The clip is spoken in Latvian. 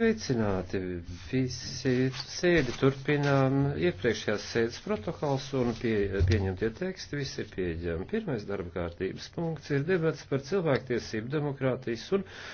Sveicināti visi sēdi turpinām iepriekšējās sēdes protokols un pie, pieņemtie teksti visi ir pieņemti. Pirmais darba kārtības punkts ir debats par cilvēktiesību, demokrātijas un